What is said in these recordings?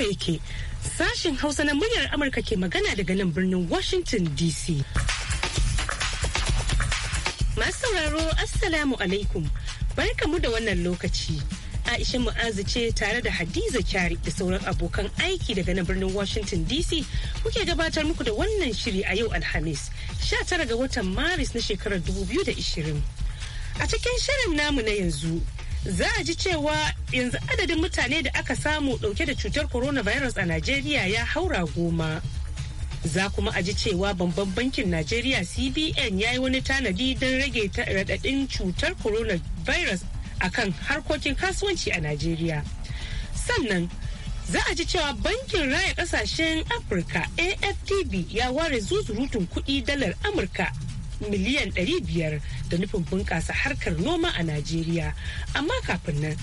haka yake sashen hausa na muryar amurka ke magana daga nan birnin washington dc masu sauraro assalamu alaikum mu da wannan lokaci aisha mu'azu ce tare da hadiza kyari da sauran abokan aiki daga nan birnin washington dc kuke gabatar muku da wannan shiri a yau alhamis 19 ga watan maris na shekarar 2020 a cikin shirin namu na yanzu za a ji cewa yanzu adadin mutane da aka samu dauke da cutar coronavirus a Najeriya ya haura goma. Za kuma a ji cewa babban bankin Najeriya CBN ya yi wani tanadi don rage raɗaɗin cutar coronavirus a kan harkokin kasuwanci a Najeriya. Sannan za a ji cewa bankin raya kasashen Afirka A.F.T.V ya ware zuzurutun kuɗi dalar Amurka miliyan 500 da nufin bunƙasa harkar noma a Najeriya. Amma kafin nan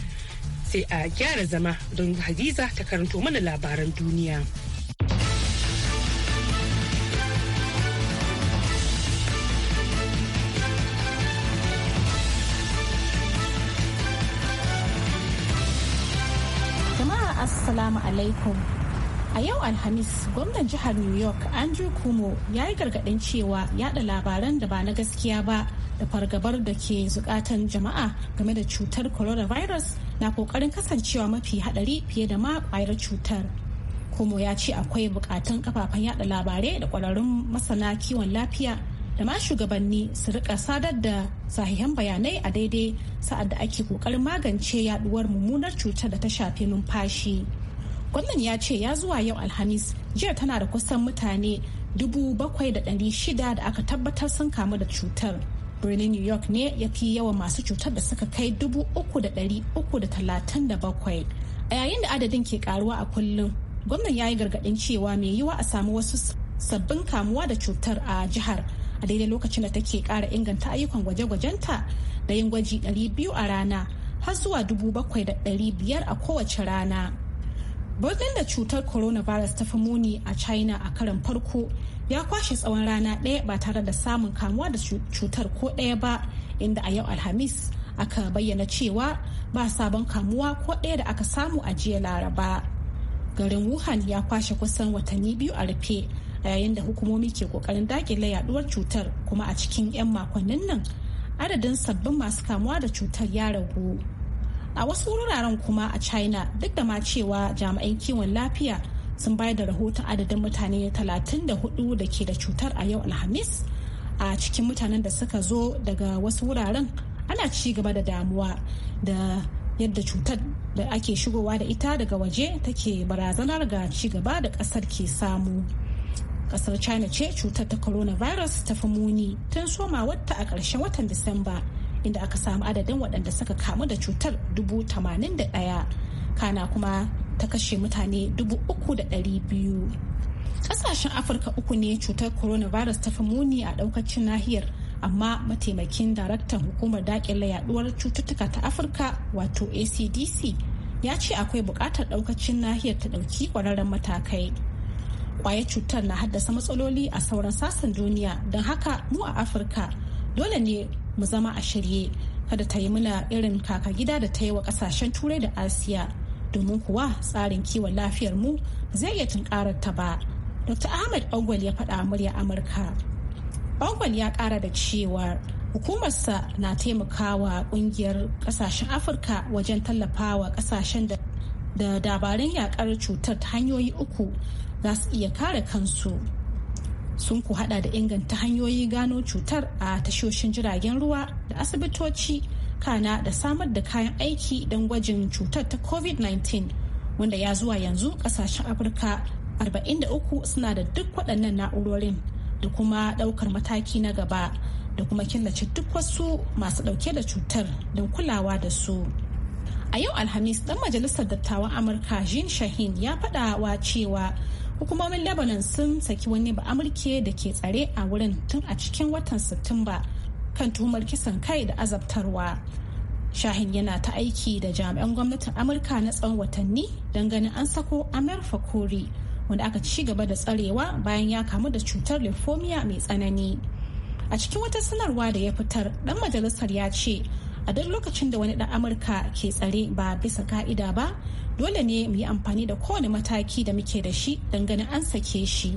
sai a gyara zama don Hadiza ta karanto mana labaran duniya. Jama'a Assalamu alaikum. A yau Alhamis, gwamnan jihar New York Andrew Cuomo ya yi gargaɗin cewa yada labaran da ba na gaskiya ba da fargabar da ke zukatan jama'a game da cutar coronavirus na kokarin kasancewa mafi haɗari fiye da ma kwayar cutar. Cuomo ya ce akwai bukatun kafafen yada labarai da kwararrun masana kiwon lafiya da ma shugabanni su rika sadar da sahihan bayanai a daidai sa'ad da ake kokarin magance yaduwar mummunar cutar da ta shafi numfashi. gwamnan ya ce ya zuwa yau alhamis jiya tana da kusan mutane bakwai da aka tabbatar sun kamu da cutar birnin new york ne ya fi yawan masu cutar da suka kai dubu da talatin bakwai. a yayin da adadin ke karuwa a kullum gwamnan ya yi gargaɗin cewa mai yiwa a samu wasu sabbin kamuwa da cutar a jihar a daidai lokacin da take kara inganta ayyukan gwaje-gwajenta da yin gwaji 200 a rana har zuwa biyar a kowace rana. birnin da cutar coronavirus ta fi muni a china a karan farko ya kwashe tsawon rana ɗaya ba tare da samun kamuwa da cutar ko ɗaya ba inda a yau alhamis aka bayyana cewa ba sabon kamuwa ko ɗaya da aka samu a jiya laraba garin wuhan ya kwashe kusan watanni biyu a rufe a yayin da hukumomi ke kokarin dakile yaduwar cutar kuma a cikin 'yan makonnin nan adadin sabbin masu kamuwa da cutar ya ragu a wasu wuraren kuma a china duk da ma cewa jami'an kiwon lafiya sun bayar da rahoton adadin mutane 34 da ke da cutar a yau alhamis a cikin mutanen da suka zo daga wasu wuraren ana ci gaba da damuwa da yadda cutar da ake shigowa da ita daga waje take barazanar ga ci gaba da kasar ke samu kasar china ce cutar ta coronavirus ta fi muni tun soma wata a ƙarshen watan disamba inda aka samu adadin waɗanda suka kamu da cutar dubu tamanin da ɗaya kana kuma ta kashe mutane dubu uku da ɗari biyu ƙasashen afirka uku ne cutar coronavirus ta fi muni a ɗaukacin nahiyar amma mataimakin daraktan hukumar daƙila yaduwar cututtuka ta afirka wato acdc ya ce akwai buƙatar ɗaukacin nahiyar ta ɗauki ƙwararren matakai ƙwayar cutar na haddasa matsaloli a sauran sassan duniya don haka mu a afirka dole ne mu zama a shirye kada ta yi muna irin kaka gida da ta yi wa kasashen turai da asiya domin kuwa tsarin kiwon lafiyar mu zai iya tunkarar ta ba dr ahmed ogwal ya faɗa murya amurka ogwal ya ƙara da cewa hukumarsa na taimakawa ƙungiyar ƙasashen afirka wajen tallafawa kasashen da da dabarun yakar cutar ta hanyoyi uku za su iya kare kansu sun ku hada da inganta hanyoyi gano cutar a tashoshin jiragen ruwa da asibitoci kana da samar da kayan aiki don gwajin cutar ta covid-19 wanda ya zuwa yanzu kasashen afirka 43 suna da duk waɗannan na'urorin da kuma ɗaukar mataki na gaba da kuma killace duk wasu masu ɗauke da cutar don kulawa da su. a yau alhamis ɗan majalisar dattawan amurka jean shaheen ya faɗawa cewa hukumomin lebanon sun saki wani ba amurke da ke tsare a wurin tun a cikin watan satumba kan tuhumar kisan kai da azabtarwa shahin yana ta aiki da jami'an gwamnatin amurka na tsawon watanni don ganin an sako amir fakori wanda aka ci gaba da tsarewa bayan ya kamu da cutar lymphomia mai tsanani a cikin wata sanarwa da ya fitar dan majalisar ya ce a duk lokacin da wani dan amurka ke tsare ba bisa ka'ida ba dole ne mu yi amfani da kowane mataki da muke da shi don ganin an sake shi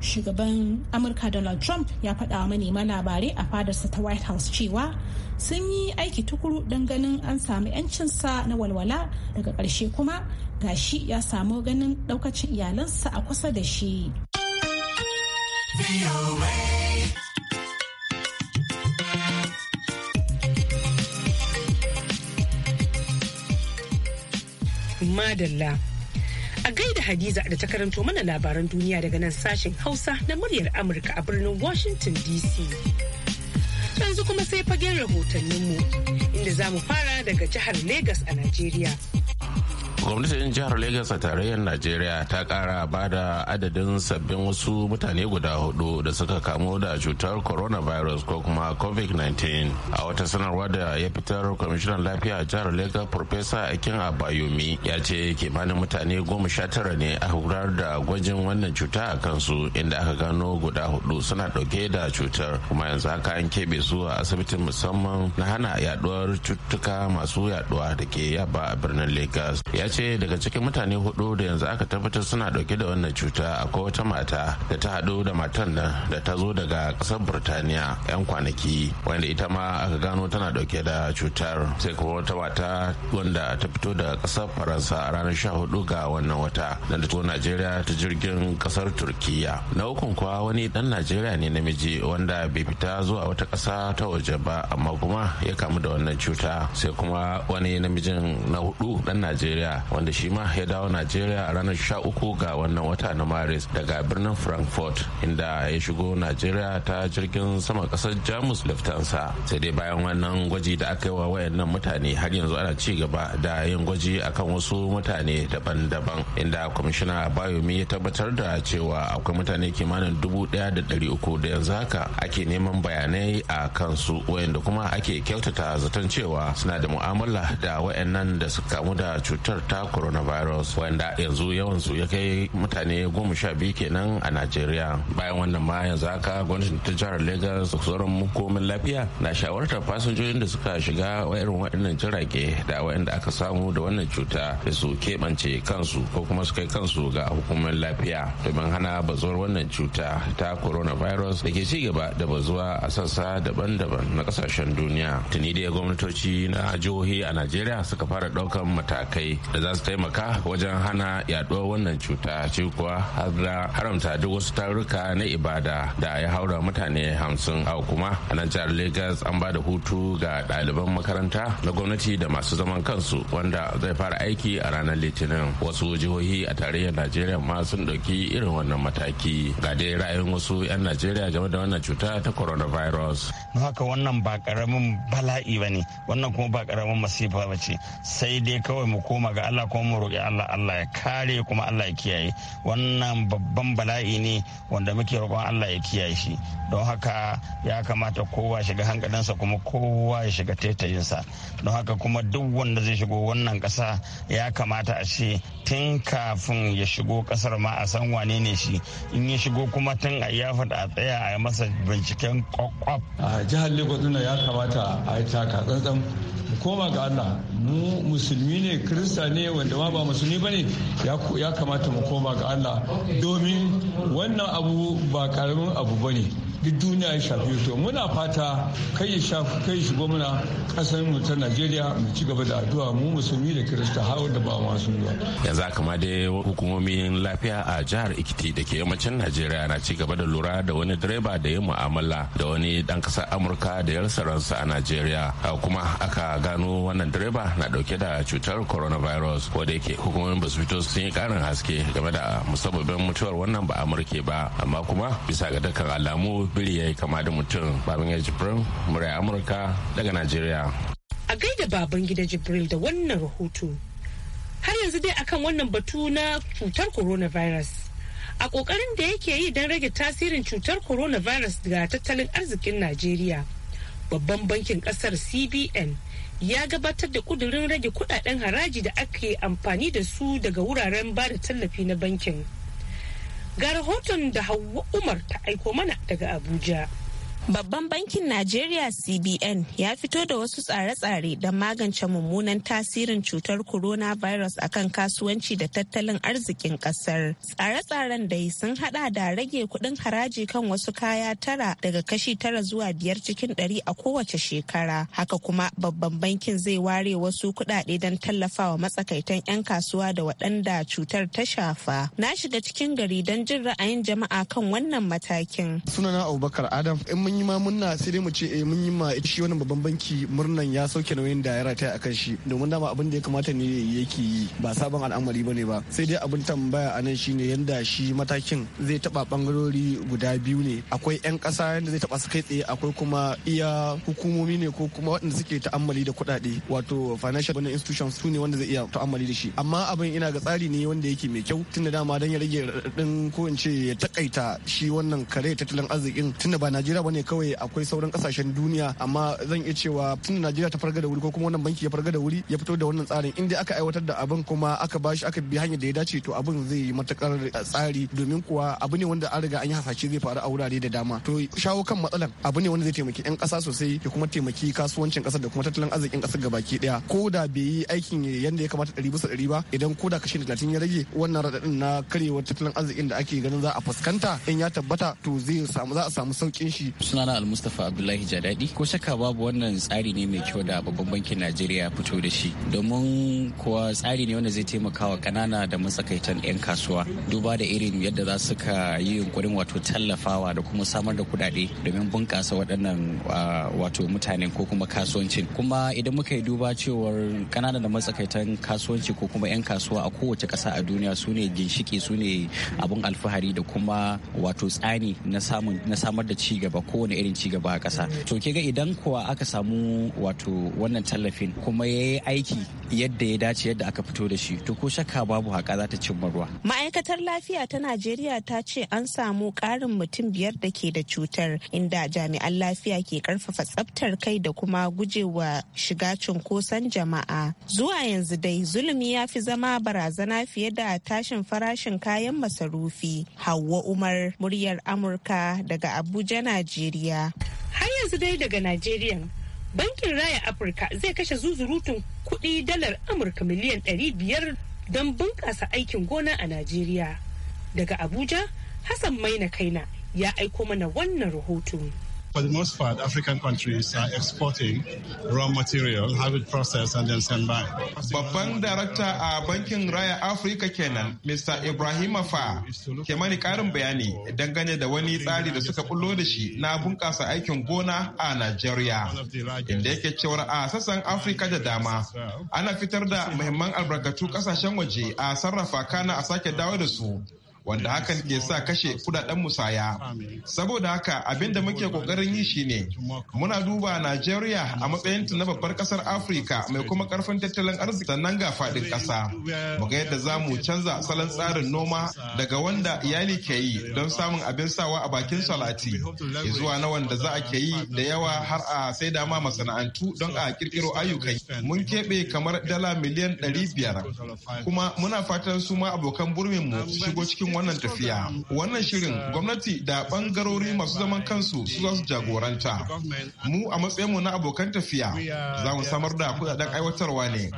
shugaban amurka donald trump ya faɗa wa manema labarai a fadarsa ta white house cewa sun yi aiki tukuru don ganin an samu 'yancinsa na walwala daga ƙarshe kuma gashi ya samu ganin ɗaukacin iyalansa a kusa da shi. madalla. A gaida Hadiza da ta karanto mana labaran duniya daga nan sashen Hausa na muryar Amurka a birnin Washington DC. Yanzu kuma sai fagen rahotanninmu inda za mu fara daga jihar Legas a Najeriya. gwamnatin jihar Legas a tarayyar najeriya ta kara ba da adadin sabbin wasu mutane guda hudu da suka kamu da cutar coronavirus ko kuma covid-19 a wata sanarwa da ya fitar kwamishinan lafiya a jihar Legas Profesa akin abayomi ya ce kimanin mutane goma sha tara ne aka gudanar da gwajin wannan cuta a kansu inda aka gano guda hudu suna dauke da cutar kuma yanzu haka an keɓe su a asibitin musamman na hana yaduwar cututtuka masu yaduwa da ke yaba a birnin Legas. ya ce daga cikin mutane hudu da yanzu aka tabbatar suna dauke da wannan cuta akwai wata mata da ta hadu da matan nan da ta zo daga ƙasar Birtaniya 'yan kwanaki wanda ita ma aka gano tana dauke da cutar sai kuma wata mata wanda ta fito da kasar faransa a ranar hudu ga wannan wata da ta najeriya ta jirgin kasar turkiya na ukun kuwa wani dan najeriya ne namiji wanda bai fita zuwa wata kasa ta waje ba amma kuma ya kamu da wannan cuta sai kuma wani namijin na hudu dan najeriya wanda shi ma ya dawo najeriya a ranar 13 ga wannan wata na maris daga birnin frankfurt inda ya shigo najeriya ta jirgin sama kasar jamus laftansa sai dai bayan wannan gwaji da aka yi wa wayannan mutane har yanzu ana ci gaba da yin gwaji akan wasu mutane daban-daban inda kwamishina bayomi ya tabbatar da cewa akwai mutane kimanin dubu daya da dari uku da yanzu haka ake neman bayanai a kansu wayanda kuma ake kyautata zaton cewa suna da mu'amala da wayannan da suka kamu da cutar ta coronavirus wanda yanzu yawan su ya kai mutane goma sha biyu kenan a najeriya bayan wannan ma yanzu haka gwamnatin ta jihar lagos sauran komin lafiya na shawartar fasinjojin da suka shiga irin waɗannan jirage da waɗanda aka samu da wannan cuta da su keɓance kansu ko kuma su kai kansu ga hukumar lafiya domin hana bazuwar wannan cuta ta coronavirus da ke ci gaba da bazuwa a sassa daban-daban na kasashen duniya tuni da gwamnatoci na jihohi a najeriya suka fara ɗaukar matakai da za su taimaka wajen hana yaduwar wannan cuta ce kuwa har haramta duk wasu taruka na ibada da ya haura mutane hamsin a kuma a nan jihar lagos an ba da hutu ga ɗaliban makaranta na gwamnati da masu zaman kansu wanda zai fara aiki a ranar litinin wasu jihohi a tarayyar najeriya ma sun ɗauki irin wannan mataki ga dai ra'ayin wasu 'yan najeriya game da wannan cuta ta coronavirus haka wannan ba karamin bala'i ba ne wannan kuma ba karamin masifa ba ce sai dai kawai mu koma ga Allah kuma mu roƙi Allah Allah ya kare kuma Allah ya kiyaye wannan babban bala'i ne wanda muke roƙon Allah ya kiyaye shi don haka ya kamata kowa shiga hankalinsa kuma kowa ya shiga taitayinsa don haka kuma duk wanda zai shigo wannan ƙasa ya kamata a ce tun kafin ya shigo ƙasar ma a san wane ne shi in ya shigo kuma tun a ya faɗa a tsaya a masa binciken kwakwaf. a jihar lagos ya kamata a yi taka tsantsan koma ga allah mu musulmi ne kirista ne wanda ma ba musulmi ba ne ya kamata mu koma ga allah domin wannan abu ba karamin abu ba ne duk duniya ya shafi to muna fata kai ya shafi kai shigo muna kasar mu ta Najeriya mu ci gaba da addu'a mu musulmi da Kirista har da ba masu ba. yanzu haka ma dai hukumomin lafiya a jihar Ikiti da ke yammacin Najeriya na ci gaba da lura da wani direba da ya mu'amala da wani dan kasar Amurka da ya rasa ransa a Najeriya kuma aka gano wannan direba na dauke da cutar coronavirus wadda yake hukumomin fito sun yi karin haske game da musabbabin mutuwar wannan ba amurke ba amma kuma bisa ga dukkan alamu biri ya yi kama da mutum babin ya jibrin murai amurka daga najeriya a gaida baban gida jibril da wannan rahoto har yanzu dai akan wannan batu na cutar coronavirus a kokarin da yake yi don rage tasirin cutar coronavirus ga tattalin arzikin najeriya babban bankin kasar cbn ya gabatar da kudurin rage kudaden haraji da ake amfani da su daga wuraren ba da tallafi na bankin. Ga rahoton da Hauwa Umar ta aiko mana daga Abuja. Babban bankin Najeriya CBN ya fito da wasu tsare-tsare don magance mummunan tasirin cutar coronavirus akan kasuwanci da tattalin arzikin ƙasar. Tsare-tsaren dai sun hada da rage kuɗin haraji kan wasu kaya tara daga kashi tara zuwa biyar cikin ɗari a kowace shekara. Haka kuma babban bankin zai ware wasu kuɗaɗe don tallafawa matsakaitan 'yan kasuwa da waɗanda cutar ta shafa. Na shiga cikin gari don jin ra'ayin jama'a kan wannan matakin. Sunana Abubakar Adam mun yi ma murna sai dai mu ce eh mun yi ma shi wannan babban banki murnan ya sauke nauyin da ya rataya akan shi domin dama abin da ya kamata ne yake yi ba sabon al'amari bane ba sai dai abin tambaya a nan shine yanda shi matakin zai taba bangarori guda biyu ne akwai yan kasa yanda zai taba su kai tsaye akwai kuma iya hukumomi ne ko kuma waɗanda suke ta'ammali da kuɗaɗe wato financial wannan institutions su ne wanda zai iya ta'ammali da shi amma abin ina ga tsari ne wanda yake mai kyau tunda dama dan ya rage raɗaɗin ko in ce ya takaita shi wannan kare tattalin arzikin tunda ba Najeriya bane kawai akwai sauran kasashen duniya amma zan iya cewa tun najeriya ta farga da wuri ko kuma wannan banki ya farga da wuri ya fito da wannan tsarin inda aka aiwatar da abin kuma aka bashi aka bi hanyar da ya dace to abin zai yi matakar eh, tsari domin kuwa abu ne wanda an riga an yi hasashe zai faru a wurare da dama to shawo kan matsalan abu ne wanda zai taimaki yan kasa sosai ya kuma taimaki kasuwancin kasar da kuma tattalin arzikin kasar gabaki daya ko da bai yi aikin yadda ya kamata ɗari bisa ɗari ba idan ko da kashe talatin ya rage wannan raɗaɗin na karyewar tattalin arzikin da ake ganin za a fuskanta in ya tabbata to zai za a samu saukin shi sunana almustafa abdullahi jadadi ko shaka babu wannan tsari ne mai kyau da babban bankin najeriya fito da shi domin kuwa tsari ne wanda zai taimaka wa kanana da matsakaitan 'yan kasuwa duba da irin yadda za su ka yi yunkurin wato tallafawa da kuma samar da kudade domin bunkasa waɗannan wato mutane ko kuma kasuwancin kuma idan muka yi duba cewar kanana da matsakaitan kasuwanci ko kuma 'yan kasuwa a kowace ƙasa a duniya su ne ginshiki su ne abin alfahari da kuma wato tsani na samar da ci gaba ko kowane irin ci gaba a ƙasa to ke idan kuwa aka samu wato wannan tallafin kuma ya yi aiki yadda ya dace yadda aka fito da shi to ko shakka babu haka za ta cimma ruwa ma'aikatar lafiya ta najeriya ta ce an samu ƙarin mutum biyar da ke da cutar inda jami'an lafiya ke karfafa tsabtar kai da kuma gujewa shiga cunkoson jama'a zuwa yanzu dai zulumi ya fi zama barazana fiye da tashin farashin kayan masarufi hawa umar muryar amurka daga abuja najeriya Najeriya. Har yanzu dai daga Najeriya, Bankin Raya Afirka zai kashe zuzurutun kuɗi dalar Amurka miliyan 500 don bunƙasa aikin gona a Najeriya. Daga Abuja, Hassan Maina Kaina ya aiko mana wannan rahoton. For the most part, African countries are exporting raw material, have it processed and then send back. Babban darakta a Bankin Raya Afirka kenan, Mr. Ibrahim Afa, ke mani karin bayani dangane da wani tsari da suka kullo da shi na bunƙasa aikin gona a Najeriya. Inda yake cewar a sassan afrika da dama, ana fitar da muhimman albarkatu ƙasashen waje a sarrafa kana a sake dawo da su. wanda hakan ke sa kashe kudaden musaya saboda haka abin da muke kokarin yi shine muna duba najeriya a matsayinta na babbar kasar afirka mai kuma karfin tattalin arziki sannan ga faɗin ƙasa muga yadda za mu canza salon tsarin noma daga wanda iyali ke yi don samun abin sawa a bakin salati zuwa na wanda za a ke yi da yawa har a sai dama masana'antu don a kirkiro ayyukan mun keɓe kamar dala miliyan ɗari biyar kuma muna fatan su ma abokan burmin mu shigo cikin wannan tafiya wannan shirin gwamnati da bangarori masu zaman kansu su za su jagoranta mu a matsayinmu na abokan tafiya za mu samar da kudaden aiwatarwa ne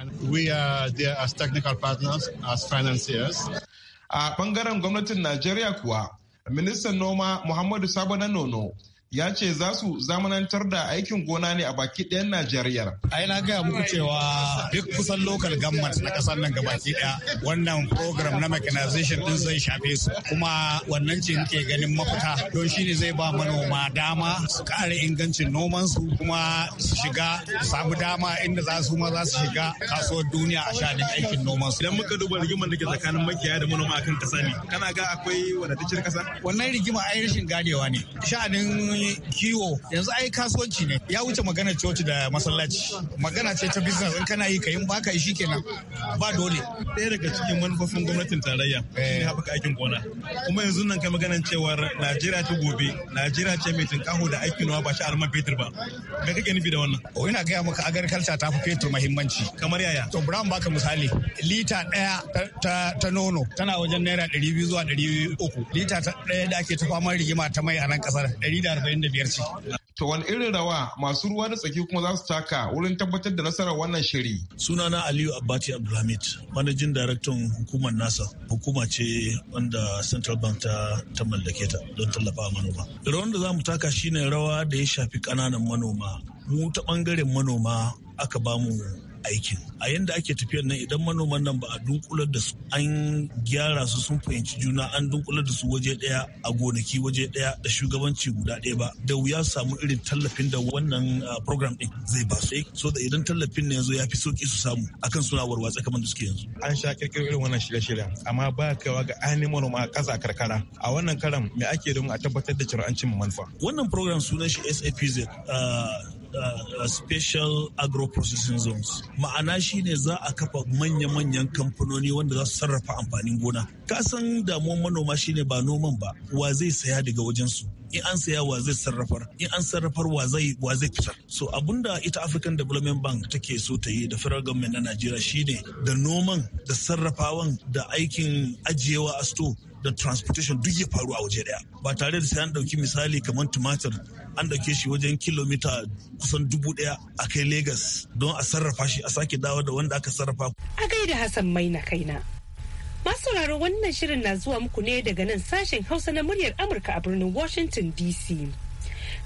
a bangaren gwamnatin najeriya kuwa ministan noma muhammadu sabo na nono ya ce za su zamanantar da aikin gona ne a baki ɗayan Najeriya. Ai na gaya muku cewa duk kusan local government na ƙasar nan gabaki ɗaya wannan program na mechanization ɗin zai shafe su kuma wannan ce nke ganin mafita don shi ne zai ba manoma dama su ƙara ingancin nomansu kuma su shiga samu dama inda za su ma za su shiga kasuwar duniya a shanin aikin nomansu. Idan muka duba rigimar da ke tsakanin makiyaya da manoma akan ƙasa ne kana ga akwai wadataccen ƙasa? Wannan rigima ai rashin ganewa ne. Sha'anin kiwo yanzu ai kasuwanci ne ya wuce magana coci da masallaci magana ce ta business in kana yi ka yin baka yi shikenan ba dole ɗaya daga cikin manufofin gwamnatin tarayya shine haɓaka aikin gona kuma yanzu nan kai maganan cewar Najeriya ta gobe Najeriya ce mai tunkaho da aikin wa ba shi alman fetur ba me kake nufi da wannan o oh, ina gaya maka agriculture ta fi fetur muhimmanci kamar yaya to brown baka misali lita ɗaya ta nono tana wajen naira ɗari biyu zuwa ɗari uku lita ɗaya da ake ta fama rigima ta mai a nan ƙasar ɗari da arba'in Ta ce. To wani irin rawa masu ruwa da tsaki kuma za su taka wurin tabbatar da nasarar wannan shiri. Sunana Aliyu Abbati Abdulhamid, manajin daraktan hukumar NASA. Hukuma ce wanda Central Bank ta, ta mallake ta don tallafa manoma. Rawan da za mu taka shine rawa da ya shafi ƙananan manoma. Mu ta ɓangaren manoma aka bamu aikin a yadda ake tafiyar nan idan manoman nan ba a dunkular da su an gyara su sun fahimci juna an dunkular da su waje daya a gonaki waje daya da shugabanci guda daya ba da wuya samu irin tallafin da wannan program din zai ba su so da idan tallafin ne yanzu ya fi sauki su samu akan suna warwatsa kamar da suke yanzu an sha kirkiro irin wannan shirye-shiryen amma ba kaiwa ga ainihin manoma a ƙasa karkara a wannan karan me ake don a tabbatar da cin manufa wannan program sunan shi SAPZ special agro-processing zones ma'ana shine za a kafa manya-manyan kamfanoni wanda za su sarrafa amfanin gona kasan damuwan manoma shine ba noman ba wa zai saya daga wajensu in an saya wa zai sarrafar in an sarrafar wa zai wa zai fitar so abunda ita African Development Bank take so ta yi da federal government na Najeriya shine da noman da sarrafawan da aikin ajiyewa a store da transportation duk ya faru a waje daya ba tare da sai an dauki misali kamar tumatir an dauke shi wajen kilomita kusan dubu daya a kai Legas don a sarrafa shi a sake dawo da wanda aka sarrafa. A gaida Hassan Maina kaina. Masu sauraro wannan shirin na zuwa muku ne daga nan sashen Hausa na muryar Amurka a birnin Washington DC.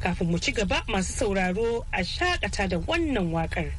Kafin mu ci gaba masu sauraro a shakata da wannan wakar.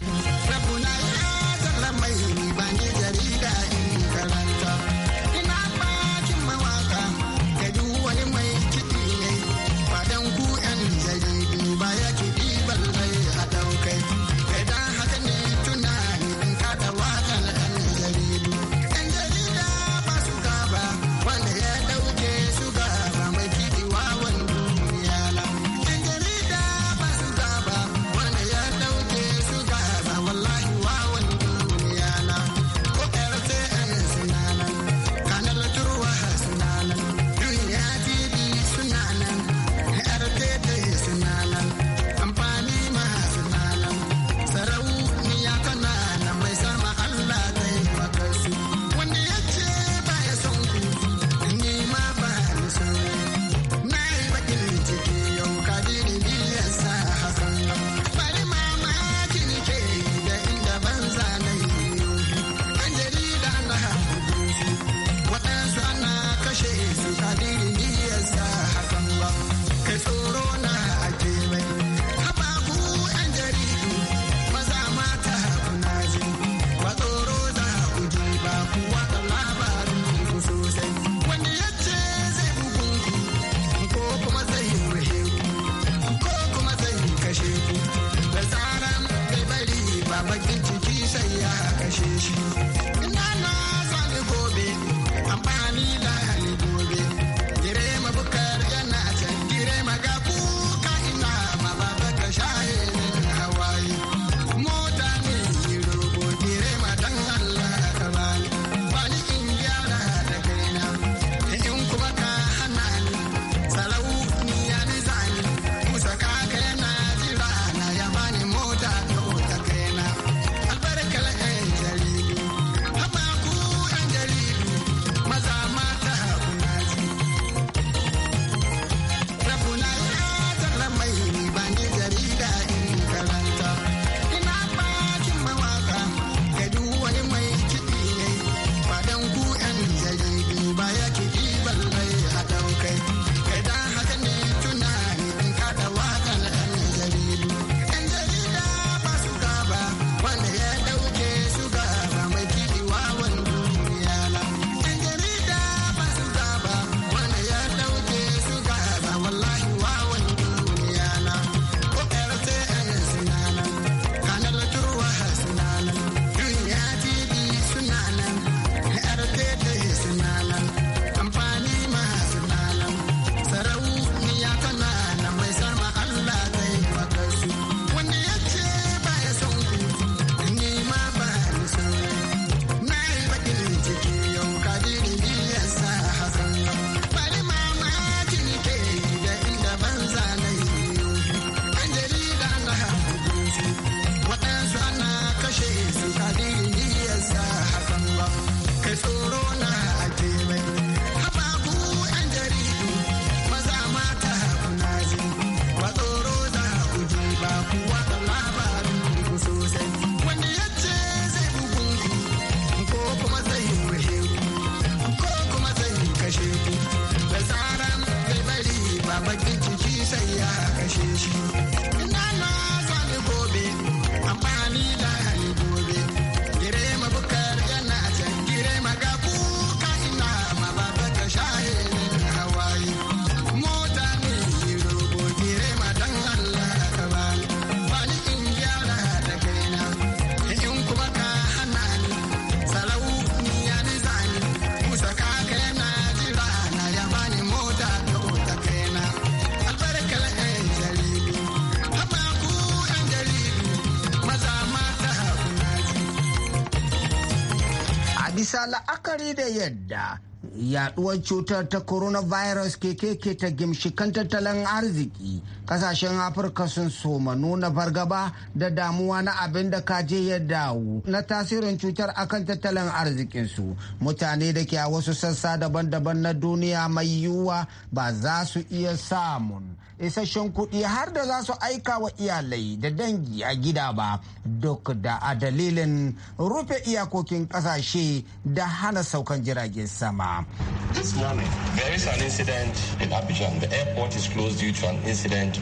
bisa la'akari da yadda yaduwar cutar ta coronavirus ke keke ta kan tattalin arziki kasashen afirka sun soma nuna fargaba da damuwa na abin da kaje ya dawo na tasirin cutar akan tattalin arzikinsu mutane da ke a wasu sassa daban-daban na duniya mai yiwuwa ba za su iya samun isasshen kuɗi har da za su aika wa iyalai da dangi a gida ba duk da a dalilin rufe iyakokin ƙasashe da hana saukan jiragen sama. This morning, there is an incident in Abidjan. The airport is closed due to an incident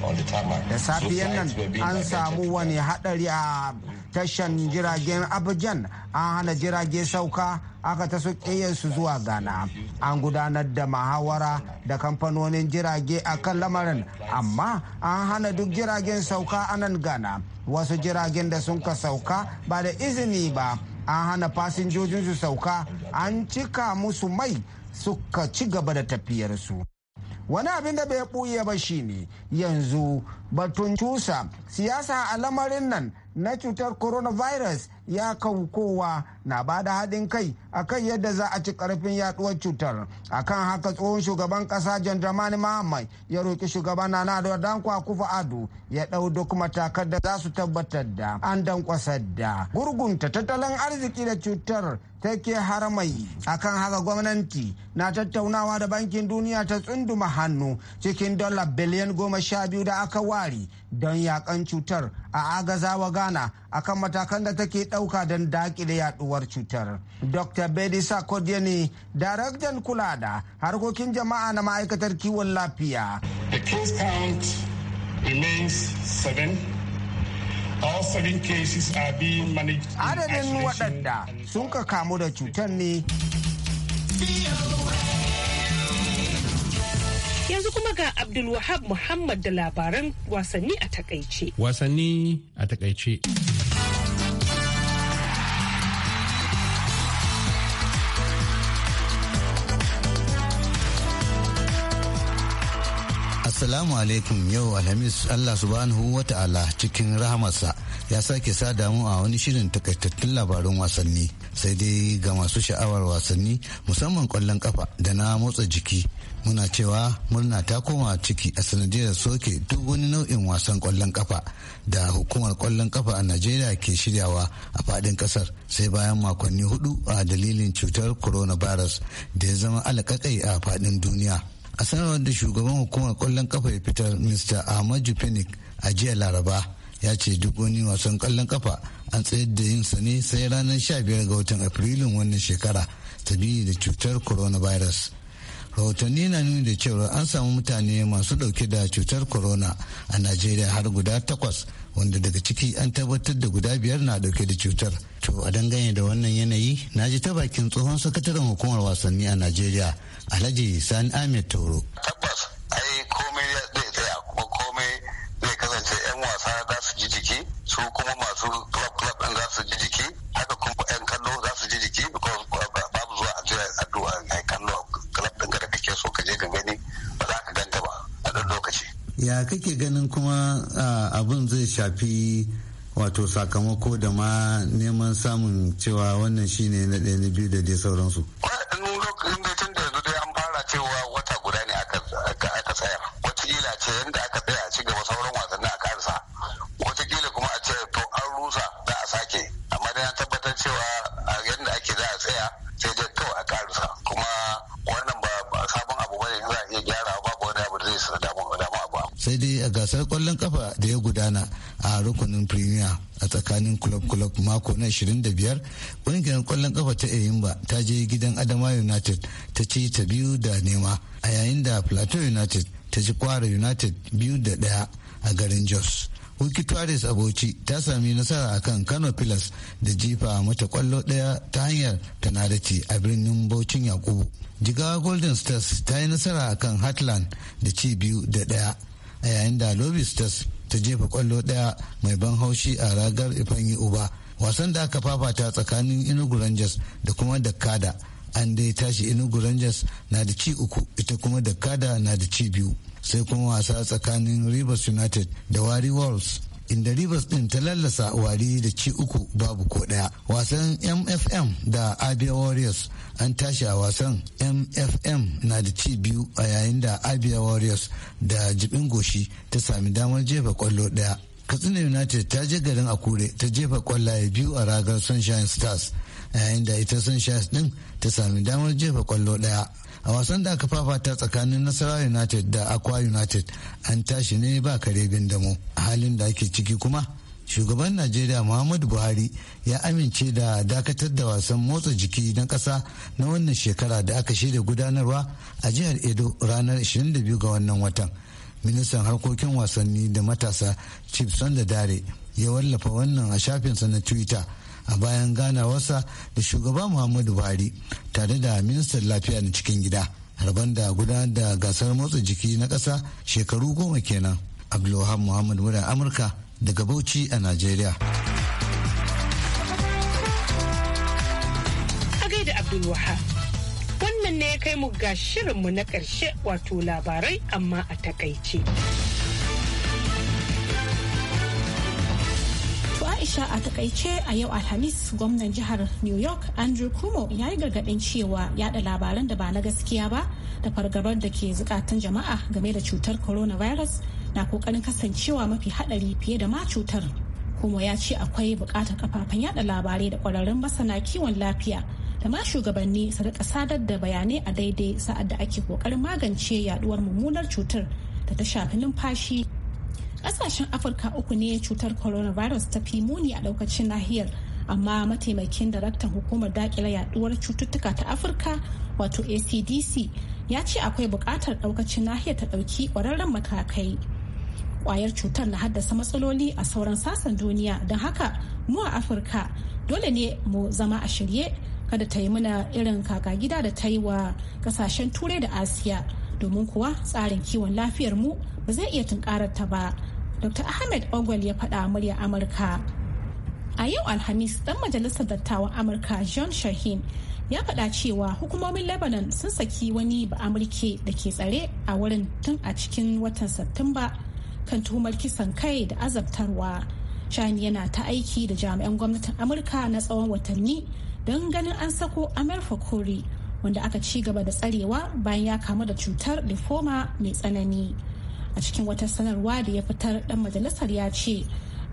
Da safiyan nan an samu wani haɗari a tashan jiragen Abidjan an hana jirage sauka aka taso su zuwa Ghana. An gudanar da mahawara da kamfanonin jirage a kan lamarin amma an hana duk jiragen sauka a nan Ghana. Wasu jiragen da sun ka sauka ba da izini ba an hana fasinjojinsu sauka an cika musu mai suka ci gaba da tafiyarsu. wani abin da bai ɓuya ba shine yanzu batun cusa siyasa a lamarin nan na cutar coronavirus ya kan kowa na ba da haɗin kai a akan yadda za a ci ƙarfin yaduwar cutar A kan haka tsohon shugaban ƙasa jan dramani mahammai ya roƙi shugaban nana da dankwa kufa ado ya ɗau duk matakan da za su tabbatar da an kwasar da gurgunta tattalin arziki da cutar ta ke haramai a kan haka gwamnati na tattaunawa da bankin duniya ta tsunduma hannu cikin dala biliyan goma sha biyu da aka wari don yakan cutar a agazawa ghana kan matakan da take ɗauka don dakile yaduwar cutar dr bedisa kodiani daraktan kula da harkokin jama'a na ma'aikatar kiwon lafiya the case count remains seven Adadin waɗanda sun ka kamu da cutar ne. Yanzu kuma ga Abdulwahab Muhammad da labaran wasanni a takaice. Wasanni a takaice. Assalamu alaikum yau Alhamis Allah subhanahu wa ta'ala cikin rahamarsa ya sake sa mu a wani shirin takaitattun labarun wasanni sai dai ga masu sha'awar wasanni musamman kwallon kafa da na motsa jiki muna cewa murna ta koma ciki a sanadiyar soke duk wani nau'in wasan kwallon kafa da hukumar kwallon kafa a najeriya ke shiryawa a fadin kasar sai bayan makonni hudu a dalilin cutar coronavirus da ya zama alakakai a fadin duniya a sanarwar da shugaban hukumar kwallon kafa ya fitar mr ahmadu phoenix a jiya laraba ya ce duk wani wasan kwallon kafa an tsayar da yin sa ne sai ranar 15 ga watan afrilun wannan shekara sabili da cutar coronavirus rahotanni na nuni da cewa an samu mutane masu dauke da cutar corona a najeriya har guda takwas wanda daga ciki an tabbatar da guda biyar na dauke da cutar to a dangane da wannan yanayi na ji ta bakin tsohon sakataren hukumar wasanni a najeriya alhaji sani ahmed toro tabbas ai komai zai komai zai kasance yan wasa za su ji jiki su kuma ya kake ganin kuma abin zai shafi wato sakamako da ma neman samun cewa wannan shine na ɗaya na biyu da dai sauransu tsakanin club club mako na 25 ƙungiyar kwallon kafa ta eyimba ta je gidan adama united ta ci ta biyu da nema a yayin da plateau united ta ci kwara united biyu da daya a garin jos wiki paris a ta sami nasara akan kano pilas da jifa mata kwallo daya ta hanyar tanarati a birnin bocin yakubu jigawa golden stars ta yi nasara akan heartland da ci biyu da daya a yayin da lobby stars ta jefa kwallo daya mai ban haushi a ragar ifanyi uba wasan da aka fafata tsakanin inugu rangers da kuma dakada an dai tashi inugu rangers na da ci uku ita kuma dakada na da ci biyu sai kuma wasa tsakanin rivers united da wari wolves inda Rivers din ta lallasa wari da ci uku babu ko daya. Wasan MFM da Abia Warriors an tashi a wasan MFM na da ci biyu a yayin da Abia Warriors da jibin goshi ta sami damar jefa kwallo daya. katsina united ta je garin akure ta jefa kwallaye biyu a ragar sunshine stars yayin da ita sunshine din ta sami damar jefa kwallo daya a wasan da aka fafata tsakanin nasara united da aqua united an tashi ne ba kare damo a halin da ake ciki kuma shugaban najeriya muhammadu buhari ya amince da dakatar da wasan motsa jiki na kasa na wannan shekara da aka shirya gudanarwa a jihar edo ranar 22 ga wannan watan ministan harkokin wasanni da matasa chief sanda dare ya wallafa wannan a shafinsa na twitter a bayan ganawarsa da shugaba muhammadu buhari tare da ministan lafiya na cikin gida harban da gudanar da gasar motsa jiki na ƙasa shekaru goma kenan abdulwahab Muhammadu murar amurka daga bauchi a najeriya Abdulwahab. Wannan ne ya kai mu ga shirinmu na ƙarshe wato labarai amma a takaice. Aisha a takaice a yau Alhamis gwamnan jihar New York Andrew Cuomo ya yi gargaɗin cewa yada labaran da ba na gaskiya ba da fargabar da ke zukatan jama'a game da cutar coronavirus na kokarin kasancewa mafi haɗari fiye da ma cutar. Cuomo ya ce akwai buƙatar kafafen yada labarai da ƙwararrun masana kiwon lafiya da ma shugabanni su rika sadar da bayanai a daidai sa'ad da ake kokarin magance yaduwar mummunar cutar da ta shafi numfashi Ƙasashen Afirka uku ne cutar coronavirus ta fi muni a lokacin nahiyar, amma mataimakin daraktan hukumar daƙila yaduwar cututtuka ta Afirka wato ACDC ya ce akwai buƙatar ɗaukacin nahiyar ta ɗauki ƙwararren matakai. Ƙwayar cutar na haddasa matsaloli a sauran sassan duniya don haka mu a Afirka dole ne mu zama a shirye kada ta yi mana irin kaka gida da ta yi wa ƙasashen turai da asiya domin kuwa tsarin kiwon lafiyar mu ba zai iya tunkarar ta ba dr ahmed ogwal ya faɗa murya amurka a yau alhamis dan majalisar dattawan amurka john shaheen ya faɗa cewa hukumomin lebanon sun saki wani ba amurke da ke tsare a wurin tun a cikin watan satumba kan tuhumar kisan kai da azabtarwa shani yana ta aiki da jami'an gwamnatin amurka na tsawon watanni don ganin an sako amer fakori wanda aka ci gaba da tsarewa bayan ya kamu da cutar lymphoma mai tsanani a cikin wata sanarwa da ya fitar dan majalisar ya ce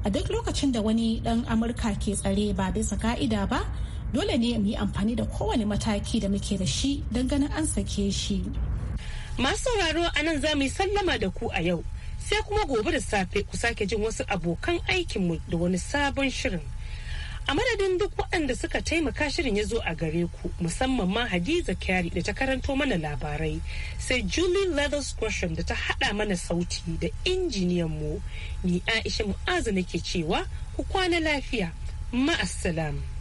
a duk lokacin da wani dan amurka ke tsare ba bisa ka'ida ba dole ne mu yi amfani da kowane mataki da muke da shi don ganin an sake shi masu sauraro a nan za mu yi sallama da ku a yau sai kuma gobe da safe ku sake jin wasu abokan aikinmu da wani sabon shirin A madadin duk waɗanda suka taimaka shirin ya zo a gare ku musamman ma Hadiza Kyari da ta karanto mana labarai sai Julie Leathers Gresham da ta haɗa mana sauti da injiniyan mu ni Aisha Mu'azu nake cewa ku kwana lafiya ma'assalam.